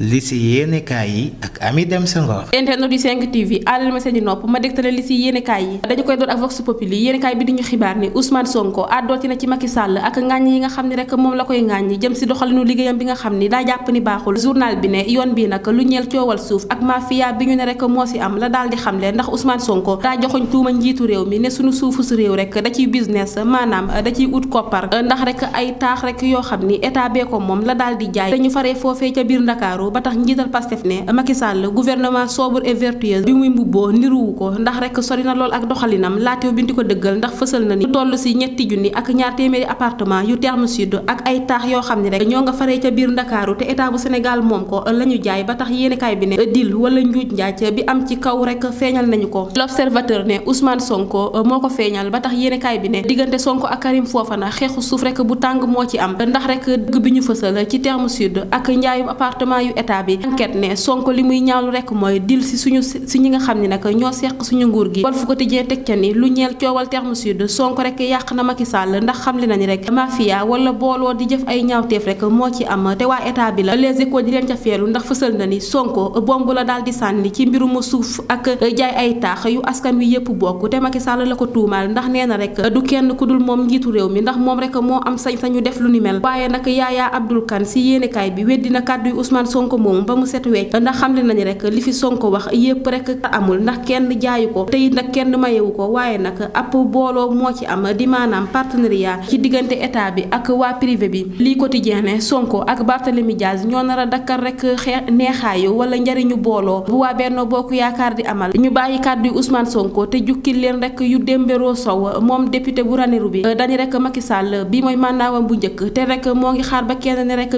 li si yéenekaay yi ak Ami Dem Sa Ngor internet du 5 TV àllal ma seeni nopp ma dégtale li si yéenekaay yi dañu koy door ak Vox Populi yéenekaay bi di ñu xibaar ni Ousmane Sonko àddooti na ci Macky Sall ak ngàññ yi nga xam ne rek moom la koy ngàññ jëm si doxalinu liggéeyam bi nga xam ni daa jàpp ni baaxul journal bi ne yoon bi nag lu ñeel coowal suuf ak mafia bi ñu ne rek moo si am la daal di xam le ndax Ousmane Sonko daa joxoñ tuuma njiitu réew mi ne suñu suufu su réew rek da ciy business maanaam da ciy ut koppar ndax rek ay taax rek yoo xam ni état bee ko moom la daal di jaay dañu faree foofee ca biir Ndakaaru taxaw ba tax njiital Pastef ne Macky Sall gouvernement sobre bi muy mbubboo niruwu ko ndax rek sori lool ak doxalinam laatew bi di ko dëggal ndax fësal na ni toll si ñetti junni ak ñaar téeméeri appartement yu terme sud ak ko la ñu jaay ba tax yéenekaay bi ne dil wala njuuj njaaj bi am ci kaw bu tàng moo ci am ndax rek dëgg njaayum appartement yu état bi enquête ne Sonko li muy ñaawlu rek mooy dil si suñu si ñi nga xam ni nag ñoo seq suñu nguur gi Walf Quotidien teg ca ni lu ñeel coowal Terme Sud Sonko rek yàq na Macky sàll ndax xam le nañu rek mafia wala booloo di jëf ay ñaawteef rek moo ci am te waa état bi la les échos di leen ca feelu ndax fësal na ni Sonko bomb la daal di sànni ci mbirum suuf ak jaay ay taax yu askan wi yëpp bokk te Macky Sall la ko tuumaal ndax nee na rek du kenn ku dul moom njiitu réew mi ndax moom rek moo am sañ-sañu def lu mel waaye nag sonko moom ba mu set wecc ndax xamle nañu rek li fi sonko wax yépp rek amul ndax kenn jaayu ko te it nag kenn mayewu ko waaye nag ab booloo moo ci am di maanaam partenariat ci diggante état bi ak waa privé bi lii ko quotidien ne sonko ak Barthélemy Diaz ñoo nar a dakkal rek xeex neexaayu wala njariñu booloo bu waa Benno Bokk Yaakaar di amal ñu bàyyi kàddu Ousmane Sonko te jukkil leen rek yu démbéroo sow moom député bu Ranérou bi dañu rek Macky Sall bi mooy mandaawam bu njëkk te rek moo ngi xaar ba kenn ne rek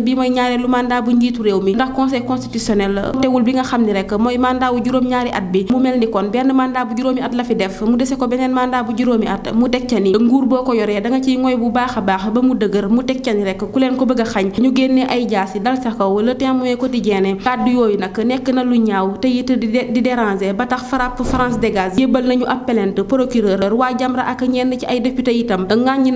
réew mi conseil constitutionnel teewul bi nga xam ni rek mooy mandat bu juróom-ñaari at bi mu mel ni kon benn mandat bu juróomi at la fi def mu dese ko beneen mandat bu juróomi at mu teg ca ni nguur boo a baax ba mu dëgër mu teg ca ni rek ku leen ko bëgg a xañ ñu génnee ay jaas yi dal sa kaw le témoin quotidien ne kàddu yooyu nag nekk na lu ñaaw te it di déranger ba tax frappe France dégage yébal nañu ab plainte procureur waa Jamra ak ñenn ci ay député itam ŋàññi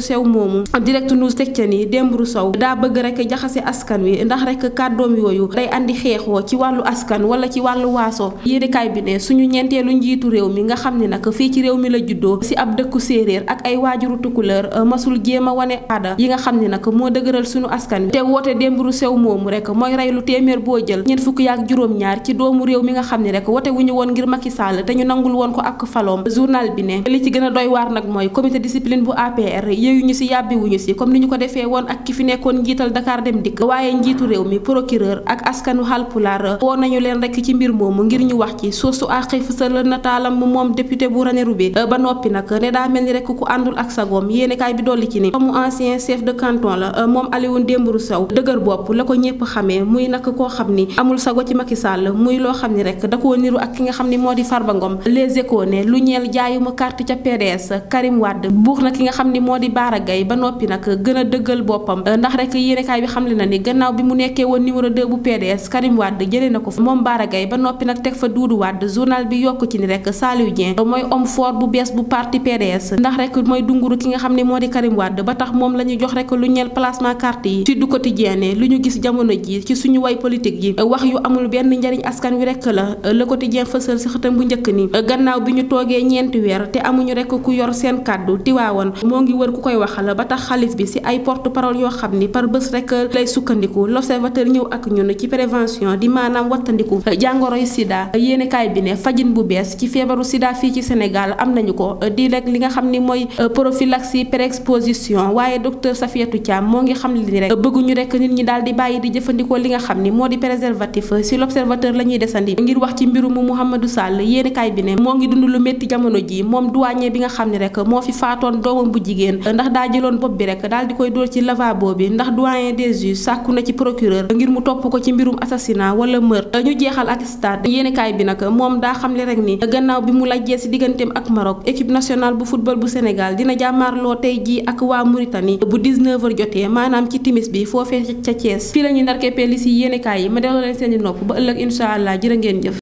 sew moomu direct news teg ca ni démbiru sow daa bëgg rek jaxase askan wi ndax rek kàddoom doom yooyu day andi xeexoo ci wàllu askan wala ci wàllu waaso yéenekaay bi ne suñu ñeenteelu njiitu réew mi nga xam ne nag fii ci réew mi la juddoo si ab dëkku séeréer ak ay waajuru tukulër euh, masul jéem a wane aada yi nga xam ne nag moo dëgëral sunu askan wi te woote démbru sew moomu rek mooy rey lu téeméer boo jël ñeent fukk yaak juróom-ñaar ci doomu réew mi nga xam ne rek wote ñu woon ngir Macky Sall te ñu nangul woon ko ak faloom journal bi ne li ci gën doy waar nag mooy comité discipline bu APR yéeyuñu si yàbbiwuñu séeréer ak askanu halpulaar woo nañu leen rek ci mbir moomu ngir ñu wax ci soosu àqi ak sagoom yéenekaay bi dolli ci mu ancien moom Alioune Dembourou Sow dëgër koo xam ni amul sago ci Macky Sall muy loo xam ni da koo ki nga ni moo di Farba Ngom Les Échos ne lu ñeel jaayuma carte ca moo di Bara Gaye ba noppi nag gën a dëggal boppam ndax rek yéenekaay bi xamle na gannaaw bi mu nekkee woon numéro numéro 2 bu PDS Karim Wade jëlee na ko fa moom Bara ba noppi nag teg fa Doudou Wade bi yokk ci ni rek Saliou Dieng mooy homme fort bu bees bu parti PDS ndax rek mooy dunguru ki nga xam ne moo di Karim Wade ba tax moom la ñu jox rek lu ñeel placement carte yi ci du quotidien lu ñu gis jamono ji ci suñu way politique yi wax yu amul benn njariñ askan wi rek la le quotidien fësal si xëtam bu njëkk ni gannaaw bi ñu toogee ñeenti weer te amuñu rek ku yor seen kàddu tiwaawoon moo ngi wër ku koy waxal ba tax xalif bi si ay porte parole yoo xam ni par bés rek ak ñun ci prévention di maanaam wattandiku jàngoroy sida yéenekaay bi ne fajin bu bees ci feebaru sida fii ci Sénégal am nañu ko di rek li nga xam ni mooy euh, prophylaxie préexposition waaye docteur Safiatou Thiam moo ngi xam li rek bëgguñu rek nit ñi daal di bàyyi di jëfandikoo li nga xam ni moo di préservatif si l'observateur la ñuy desandi ngir wax ci mbirum Mouhamadou Sall yéenekaay bi ne moo ngi dund lu métti jamono ji moom douanier bi nga xam ni rek moo fi faatoon doomam bu jigéen ndax daa jëloon bopp bi rek daal di koy dóor ci lavabo bi ndax doyen des juges sàkku na ci procureur topp ko ci mbirum assassinat wala meurtre ñu jeexal ak stade yéenekaay bi nag moom daa xamle rek ni gannaaw bi mu lajjee si digganteem ak Maroc équipe nationale bu football bu Sénégal dina jàmmaarloo tey jii ak waa Mauritanie bu 19 jotee maanaam ci timis bi foofee ca Thiès fii la ñuy ndarkeepee li si yéenekaay yi ma delloo leen seen i nopp ba ëllëg incha allah jërë ngeen jëf.